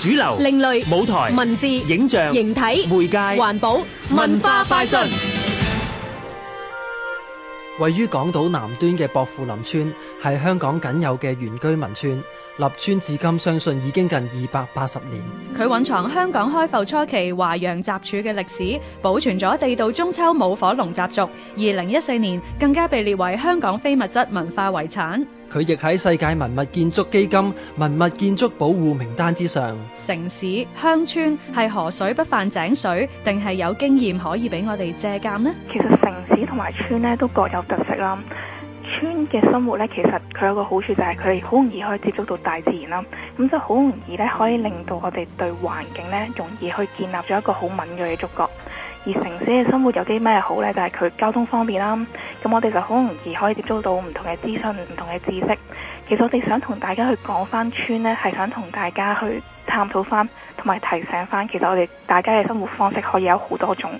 主流、另類、舞台、文字、影像、形體、媒介、環保、文化快訊。位於港島南端嘅薄扶林村，係香港僅有嘅原居民村。立村至今，相信已經近二百八十年。佢蘊藏香港開埠初期華洋雜處嘅歷史，保存咗地道中秋舞火龍習俗。二零一四年更加被列為香港非物質文化遺產。佢亦喺世界文物建築基金文物建築保護名單之上。城市鄉村係河水不犯井水，定係有經驗可以俾我哋借鑑呢？其實城市同埋村呢，都各有特色啦。村嘅生活呢，其實佢有個好處就係佢好容易可以接觸到大自然啦，咁就好容易呢，可以令到我哋對環境呢，容易去建立咗一個好敏銳嘅觸覺。而城市嘅生活有啲咩好呢？就係佢交通方便啦，咁我哋就好容易可以接觸到唔同嘅資訊、唔同嘅知識。其實我哋想同大家去講翻村呢，係想同大家去探討翻，同埋提醒翻，其實我哋大家嘅生活方式可以有好多種。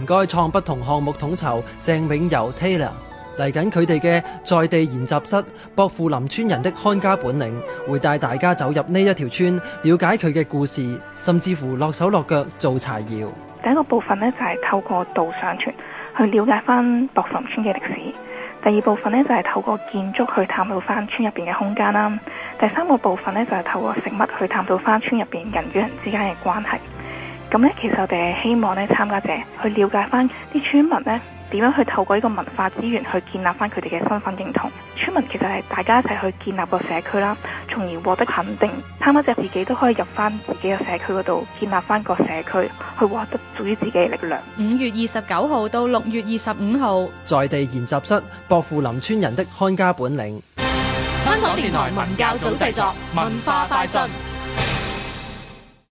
唔該，創不同項目統籌鄭永游 Taylor。嚟緊佢哋嘅在地研習室，薄扶林村人的看家本領，會帶大家走入呢一條村，了解佢嘅故事，甚至乎落手落腳做柴窯。第一個部分呢，就係透過導賞團去了解翻薄扶林村嘅歷史。第二部分呢，就係透過建築去探討翻村入邊嘅空間啦。第三個部分呢，就係透過食物去探討翻村入邊人與人之間嘅關係。咁咧，其實我哋係希望咧，參加者去了解翻啲村民咧點樣去透過呢個文化資源去建立翻佢哋嘅身份認同。村民其實係大家一齊去建立個社區啦，從而獲得肯定，參加者自己都可以入翻自己嘅社區嗰度建立翻個社區，去獲得屬於自己嘅力量。五月二十九號到六月二十五號，在地研習室薄扶林村人的看家本領。香港電台文教組製作文化快訊。